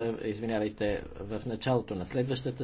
Е, извинявайте, в началото на следващата